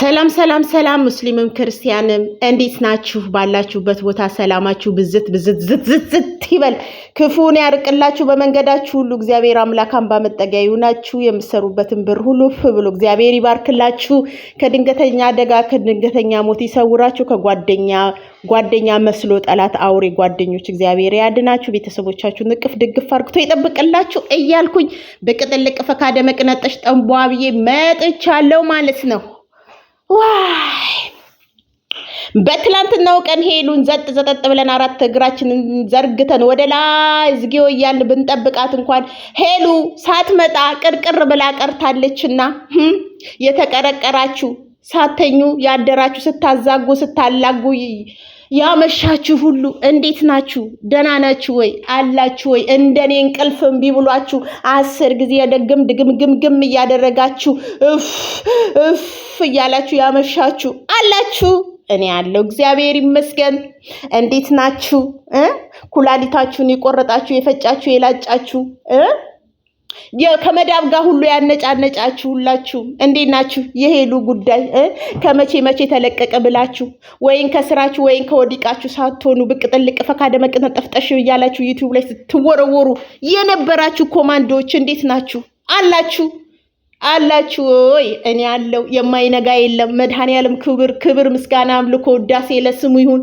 ሰላም ሰላም ሰላም፣ ሙስሊምም ክርስቲያንም እንዴት ናችሁ? ባላችሁበት ቦታ ሰላማችሁ ብዝት ብዝት ዝት ዝት ይበል። ክፉን ያርቅላችሁ በመንገዳችሁ ሁሉ እግዚአብሔር አምላካን አምባ ይሁናችሁ። የምትሰሩበትን ብር ሁሉ ፍ ብሎ እግዚአብሔር ይባርክላችሁ። ከድንገተኛ አደጋ ከድንገተኛ ሞት ይሰውራችሁ። ከጓደኛ ጓደኛ መስሎ ጠላት አውሬ ጓደኞች እግዚአብሔር ያድናችሁ። ቤተሰቦቻችሁ ንቅፍ ድግፍ አርግቶ ይጠብቅላችሁ እያልኩኝ ብቅ ፈካደ መቅነጠሽ ጠንቧ ብዬ መጥቻለሁ ማለት ነው። ዋይ በትላንትናው ቀን ሄሉን ዘጥ ዘጠጥ ብለን አራት እግራችንን ዘርግተን ወደ ላይ ዝጊዮ እያልን ብንጠብቃት እንኳን ሄሉ ሳትመጣ ቅርቅር ብላ ቀርታለችና የተቀረቀራችሁ ሳተኙ ያደራችሁ ስታዛጉ ስታላጉ ያመሻችሁ ሁሉ እንዴት ናችሁ? ደህና ናችሁ ወይ? አላችሁ ወይ? እንደኔ እንቅልፍ እምቢ ብሏችሁ አስር ጊዜ ደግም ድግም ግምግም እያደረጋችሁ እፍ እፍ እያላችሁ ያመሻችሁ አላችሁ? እኔ ያለው እግዚአብሔር ይመስገን። እንዴት ናችሁ? ኩላሊታችሁን የቆረጣችሁ የፈጫችሁ የላጫችሁ ከመዳብ ጋር ሁሉ ያነጫነጫችሁላችሁ እንዴት ናችሁ? የሄሉ ጉዳይ ከመቼ መቼ ተለቀቀ ብላችሁ ወይም ከስራችሁ ወይም ከወዲቃችሁ ሳትሆኑ ብቅ ጥልቅ ፈካደ መቅጠን ጠፍጠሽ እያላችሁ ዩቲዩብ ላይ ስትወረወሩ የነበራችሁ ኮማንዶዎች እንዴት ናችሁ? አላችሁ አላችሁ ወይ? እኔ ያለው የማይነጋ የለም። መድኃኔዓለም ክብር ክብር፣ ምስጋና፣ አምልኮ፣ ውዳሴ ለስሙ ይሁን።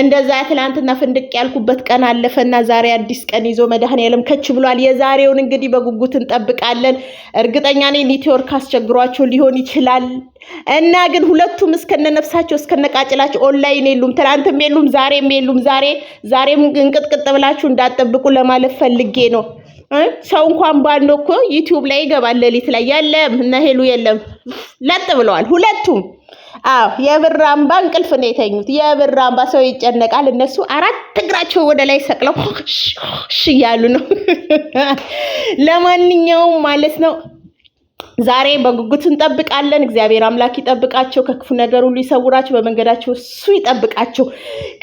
እንደዛ ትናንትና ፍንድቅ ያልኩበት ቀን አለፈና ዛሬ አዲስ ቀን ይዞ መድኃኔዓለም ከች ብሏል። የዛሬውን እንግዲህ በጉጉት እንጠብቃለን። እርግጠኛ ነኝ ኔትወርክ አስቸግሯቸው ሊሆን ይችላል እና ግን ሁለቱም እስከነ ነፍሳቸው እስከነቃጭላቸው ኦንላይን የሉም፣ ትናንትም የሉም፣ ዛሬም የሉም። ዛሬ ዛሬም እንቅጥቅጥ ብላችሁ እንዳጠብቁ ለማለት ፈልጌ ነው። ሰው እንኳን ባንዶ እኮ ዩቲዩብ ላይ ይገባል። ሌሊት ላይ የለም እነ ሄሉ የለም ለጥ ብለዋል ሁለቱም። አዎ የብር አምባ እንቅልፍ ነው የተኙት። የብር አምባ ሰው ይጨነቃል። እነሱ አራት እግራቸው ወደ ላይ ሰቅለው እያሉ ነው። ለማንኛውም ማለት ነው ዛሬ በጉጉት እንጠብቃለን። እግዚአብሔር አምላክ ይጠብቃቸው፣ ከክፉ ነገር ሁሉ ይሰውራቸው፣ በመንገዳቸው እሱ ይጠብቃቸው፣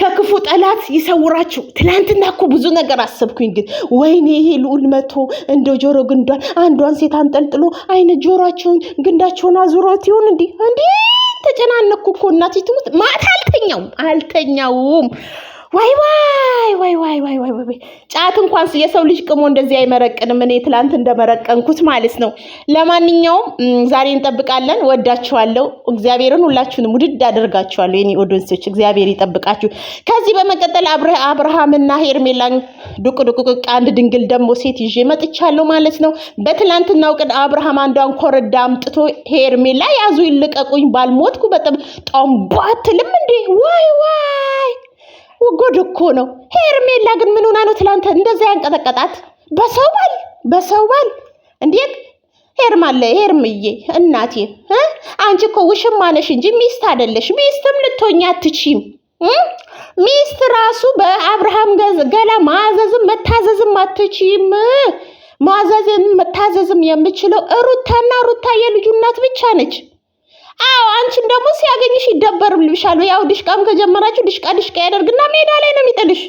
ከክፉ ጠላት ይሰውራቸው። ትናንትና እኮ ብዙ ነገር አሰብኩኝ፣ ግን ወይኔ ይሄ ልዑል መቶ እንደ ጆሮ ግንዷን አንዷን ሴት አንጠልጥሎ አይነ ጆሯቸውን ግንዳቸውን አዙሮት ይሆን እንዲህ እንዲህ ተጨናነኩ እኮ እናቴ ትሙት። ማታ አልተኛውም አልተኛውም ዋይ ዋይ ዋይ ዋይ ዋይ ዋይ ዋይ ጫት እንኳን የሰው ልጅ ቅሞ እንደዚህ አይመረቅንም። እኔ ትላንት እንደመረቀንኩት ማለት ነው። ለማንኛውም ዛሬ እንጠብቃለን። ወዳችኋለሁ። እግዚአብሔርን ሁላችሁንም ውድድ አደርጋችኋለሁ። የኔ ኦዶንሶች እግዚአብሔር ይጠብቃችሁ። ከዚህ በመቀጠል አብርሃምና ሄርሜላን ዱቅ ዱቅ አንድ ድንግል ደግሞ ሴት ይዤ መጥቻለሁ ማለት ነው። በትላንትናው ቀን አብርሃም አንዷን ኮረዳ አምጥቶ ሄርሜላ ያዙ ይልቀቁኝ ባልሞትኩ በጣም ጣምቧ እንዴ? ዋይ ዋይ ጉድ እኮ ነው። ሄርሜላ ግን ምን ሆና ነው ትላንት እንደዛ ያንቀጠቀጣት? በሰው ባል በሰው ባል እንዴት ሄርማለ ሄርምዬ እናቴ አንቺ እኮ ውሽማ ነሽ እንጂ ሚስት አይደለሽ። ሚስትም ልትሆኝ አትችም። ሚስት ራሱ በአብርሃም ገላ ማዘዝም መታዘዝም አትችም። ማዘዝም መታዘዝም የምችለው ሩታና ሩታ የልጁ እናት ብቻ ነች። አዎ አንቺን ደግሞ ሲያገኝሽ ይደበርብልሻል። ያው ድሽቃም ከጀመራችሁ ድሽቃ ድሽቃ ያደርግና ሜዳ ላይ ነው የሚጥልሽ።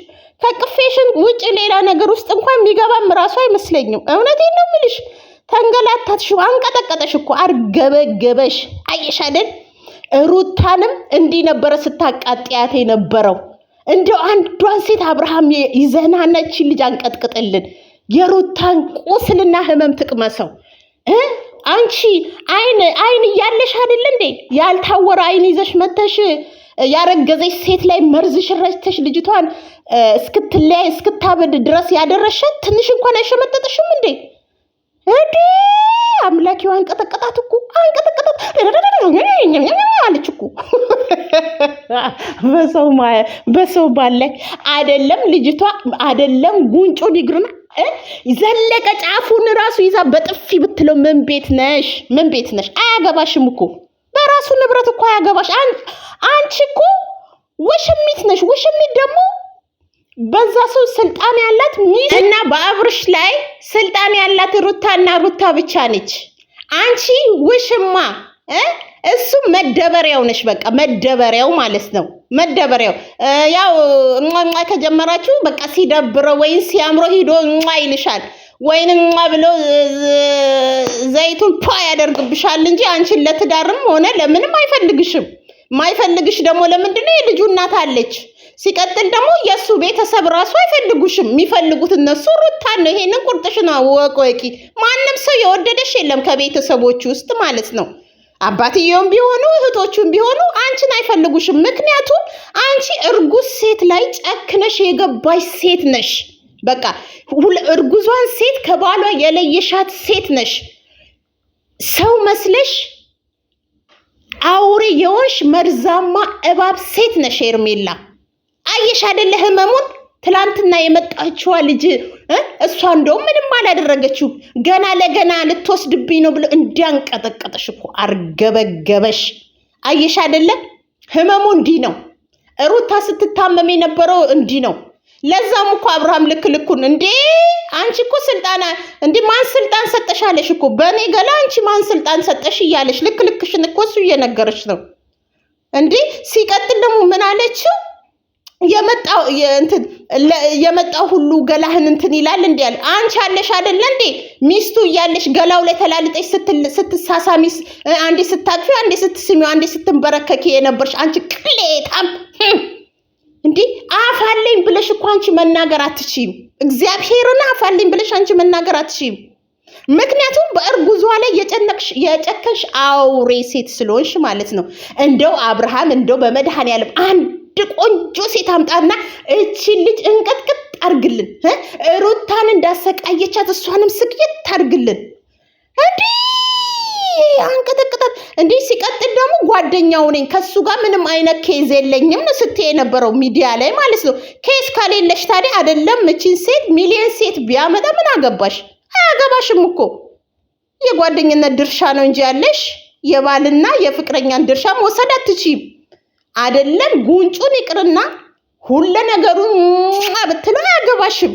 ከቅፌሽን ውጭ ሌላ ነገር ውስጥ እንኳን የሚገባም ራሱ አይመስለኝም። እውነቴን ነው የምልሽ። ተንገላታትሽ፣ አንቀጠቀጠሽ እኮ አርገበገበሽ። አየሽ ሩታንም እንዲህ ነበረ ስታቃጥያት የነበረው። እንደው አንዷን ሴት አብርሃም ይዘናነችን ልጅ አንቀጥቅጥልን፣ የሩታን ቁስልና ህመም ትቅመሰው። አንቺ አይን አይን እያለሽ አይደል እንዴ ያልታወረ አይን ይዘሽ መተሽ ያረገዘች ሴት ላይ መርዝ ሽረተሽ ልጅቷን እስክትለያይ እስክታበድ ድረስ ያደረሻት ትንሽ እንኳን አይሸመጠጥሽም እንዴ? እዲ አምላኪው አንቀጠቀጣት እኮ አንቀጠቀጣት አለች እኮ በሰው በሰው ባላይ አይደለም ልጅቷ አይደለም ጉንጮ ዲግርና ዘለቀ ጫፉን ራሱ ይዛ በጥፊ ብትለው ምን ቤት ነሽ? ምን ቤት ነሽ? አያገባሽም እኮ በራሱ ንብረት እኮ አያገባሽ። አንቺ እኮ ውሽሚት ነሽ። ውሽሚት ደግሞ በዛ ሰው ስልጣን ያላት ሚስት እና በአብርሽ ላይ ስልጣን ያላት ሩታና ሩታ ብቻ ነች። አንቺ ውሽማ እሱ መደበሪያው ነሽ። በቃ መደበሪያው ማለት ነው። መደበሪያው ያው እሟ ከጀመራችሁ በቃ ሲደብረው ወይም ሲያምሮ ሂዶ እሟ ይልሻል ወይን እሟ ብሎ ዘይቱን ፓ ያደርግብሻል እንጂ አንቺን ለትዳርም ሆነ ለምንም አይፈልግሽም። ማይፈልግሽ ደግሞ ለምንድነው የልጁ እናት አለች። ሲቀጥል ደግሞ የእሱ ቤተሰብ ራሱ አይፈልጉሽም። የሚፈልጉት እነሱ ሩታን ነው። ይሄንን ቁርጥሽን ወቂ። ማንም ሰው የወደደሽ የለም ከቤተሰቦች ውስጥ ማለት ነው። አባትየውም ቢሆኑ እህቶቹም ቢሆኑ አንቺን አይፈልጉሽም። ምክንያቱም አንቺ እርጉዝ ሴት ላይ ጨክነሽ የገባሽ ሴት ነሽ። በቃ እርጉዟን ሴት ከባሏ የለየሻት ሴት ነሽ። ሰው መስለሽ አውሬ የሆንሽ መርዛማ እባብ ሴት ነሽ ሄርሜላ። አየሽ አይደለ ህመሙን ትላንትና የመጣችዋ ልጅ እሷ እንደውም ምንም አላደረገችው። ገና ለገና ልትወስድብኝ ነው ብሎ እንዲያንቀጠቀጠሽ እኮ አርገበገበሽ። አየሽ አይደለም? ህመሙ እንዲህ ነው። ሩታ ስትታመም የነበረው እንዲህ ነው። ለዛም እኮ አብርሃም ልክ ልኩን እንዴ አንቺ እኮ ስልጣን እንዲ ማን ስልጣን ሰጠሽ አለሽ እኮ በእኔ ገላ አንቺ ማን ስልጣን ሰጠሽ እያለሽ ልክ ልክሽን እኮ እሱ እየነገረች ነው እንዴ። ሲቀጥል ደግሞ ምን አለችው? የመጣው እንትን የመጣው ሁሉ ገላህን እንትን ይላል እንዴ? ያለ አንቺ አለሽ አይደለ እንዴ? ሚስቱ እያለሽ ገላው ላይ ተላልጠሽ ሚስ አንዴ ስታቅፊ፣ አንዴ ስትስሚው፣ አንዴ ስትንበረከኪ የነበርሽ አንቺ ቅሌታም እንዴ! አፋለኝ ብለሽ እኮ አንቺ መናገር አትችይም። እግዚአብሔርን አፋለኝ ብለሽ አንቺ መናገር አትችይም። ምክንያቱም በእርጉዟ ላይ የጨነቅሽ የጨከንሽ አውሬ ሴት ስለሆንሽ ማለት ነው። እንደው አብርሃም እንደው በመድኃኔዓለም አንድ አንድ ቆንጆ ሴት አምጣና እቺ ልጅ እንቅጥቅጥ አርግልን። ሩታን እንዳሰቃየቻት እሷንም ስግየት ታርግልን። እንዲህ አንቀጠቅጣት። እንዲህ ሲቀጥል ደግሞ ጓደኛው ነኝ ከሱ ጋር ምንም አይነት ኬዝ የለኝም ስትይ የነበረው ሚዲያ ላይ ማለት ነው። ኬዝ ከሌለሽ ታዲያ አይደለም እቺን ሴት ሚሊየን ሴት ቢያመጣ ምን አገባሽ? አያገባሽም እኮ የጓደኝነት ድርሻ ነው እንጂ ያለሽ የባልና የፍቅረኛን ድርሻ መውሰድ አትችይም። አይደለም ጉንጩን ይቅርና ሁለ ነገሩን ብትለው አያገባሽም።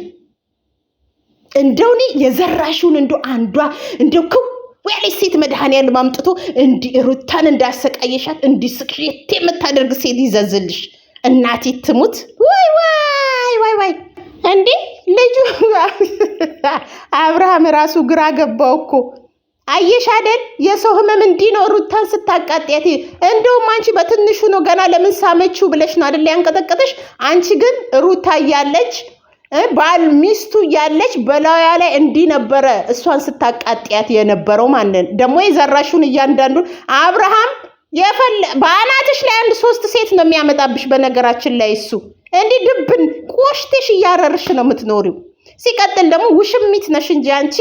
እንደው እኔ የዘራሽውን እንደው አንዷ እንደ ክው ሴት መድኃኒዓለም አምጥቶ እንዲ ሩታን እንዳሰቃየሻት እንዲስቅሽ የት የምታደርግ ሴት ይዘዝልሽ። እናቴ ትሙት። ወይ ወይ ወይ ወይ እንዴ ልጁ አብርሃም ራሱ ግራ ገባው እኮ አየሽ አይደል የሰው ህመም እንዲህ ነው ሩታን ስታቃጥያት እንደውም አንቺ በትንሹ ነው ገና ለምን ሳመችው ብለሽ ነው አይደል ያንቀጠቀጠሽ አንቺ ግን ሩታ እያለች ባል ሚስቱ እያለች በላዩ ላይ እንዲህ ነበረ እሷን ስታቃጥያት የነበረው ማንን ደግሞ የዘራሹን እያንዳንዱን አብርሃም በአናትሽ ላይ አንድ ሶስት ሴት ነው የሚያመጣብሽ በነገራችን ላይ እሱ እንዲህ ድብን ቆሽቴሽ እያረርሽ ነው የምትኖሪው ሲቀጥል ደግሞ ውሽሚት ነሽ እንጂ አንቺ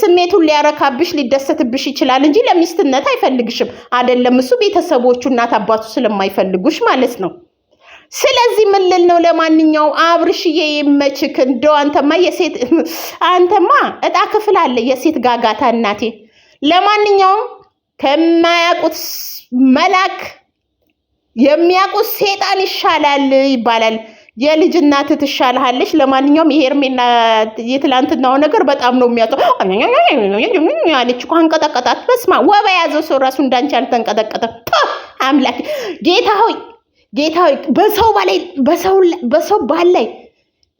ስሜቱን ሊያረካብሽ ሊደሰትብሽ ይችላል እንጂ ለሚስትነት አይፈልግሽም። አይደለም እሱ ቤተሰቦቹ እናት አባቱ ስለማይፈልጉሽ ማለት ነው። ስለዚህ ምን ልል ነው? ለማንኛውም አብርሽዬ ይመችክ። እንደው አንተማ የሴት አንተማ እጣ ክፍል አለ የሴት ጋጋታ እናቴ። ለማንኛውም ከማያውቁት መላክ የሚያውቁት ሴጣን ይሻላል ይባላል። የልጅ እናት ትሻልሃለች። ለማንኛውም የሄርሜና የትላንትናው ነገር በጣም ነው የሚያጠ አለች እኮ አንቀጠቀጣት። በስማ ወባ የያዘው ሰው ራሱ እንዳንቺ አልተንቀጠቀጠም። አምላክ ጌታ ሆይ ጌታ ሆይ በሰው ባላይ በሰው ባል ላይ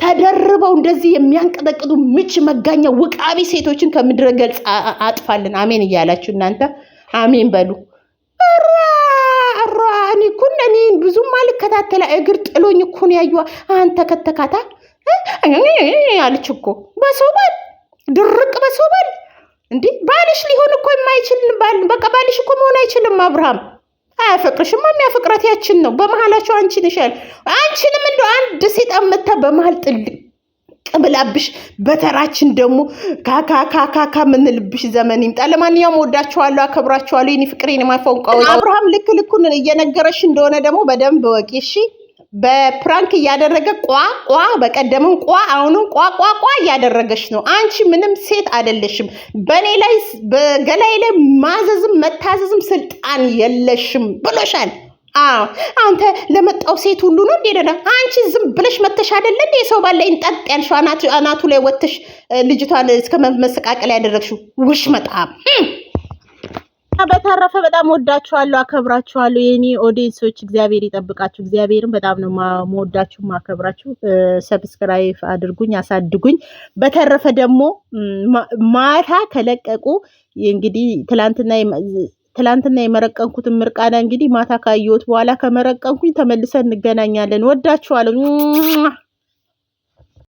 ተደርበው እንደዚህ የሚያንቀጠቅጡ ምች መጋኛ ውቃቢ ሴቶችን ከምድረ ገጽ አጥፋልን። አሜን እያላችሁ እናንተ አሜን በሉ። እኔ እኩን እኔ ብዙም አልከታተላ እግር ጥሎኝ እኩን ያዩ አንተ ከተካታ አለች እኮ በሶባል ድርቅ በሶባል እንዴ ባልሽ ሊሆን እኮ የማይችል በቃ ባልሽ እኮ መሆን አይችልም። አብርሃም አያፈቅርሽማ። የሚያፈቅራት ያችን ነው። በመሀላቸው አንቺን ይሻል አንቺንም እንደ አንድ ሴጣ መታ በመሀል ጥልቅ ብላብሽ በተራችን ደግሞ ካካካካ ምንልብሽ ዘመን ይምጣ። ለማንኛውም ወዳችኋለሁ፣ አከብራችኋለሁ። ይህን ፍቅር የማይፈንቋ አብርሃም ልክ ልኩን እየነገረሽ እንደሆነ ደግሞ በደንብ ወቂ። እሺ በፕራንክ እያደረገ ቋ ቋ በቀደምም ቋ አሁንም ቋ ቋ ቋ እያደረገሽ ነው። አንቺ ምንም ሴት አይደለሽም። በእኔ ላይ በገላይ ላይ ማዘዝም መታዘዝም ስልጣን የለሽም ብሎሻል። አዎ አንተ ለመጣው ሴት ሁሉ ነው እንዴ? ደህና አንቺ ዝም ብለሽ መተሽ አይደለ እንዴ? ሰው ባለ ጠጥ ያልሽው አናቱ ላይ ወተሽ ልጅቷን እስከ መሰቃቀል ያደረግሽው ውሽ መጣም። በተረፈ በጣም ወዳችኋለሁ፣ አከብራችኋለሁ የኔ ኦዲየንሶች። እግዚአብሔር ይጠብቃችሁ። እግዚአብሔርን በጣም ነው መወዳችሁ፣ ማከብራችሁ። ሰብስክራይብ አድርጉኝ፣ አሳድጉኝ። በተረፈ ደግሞ ማታ ከለቀቁ እንግዲህ ትላንትና ትላንትና የመረቀንኩትን ምርቃና እንግዲህ ማታ ካየሁት በኋላ ከመረቀንኩኝ ተመልሰን እንገናኛለን። ወዳችኋለሁ።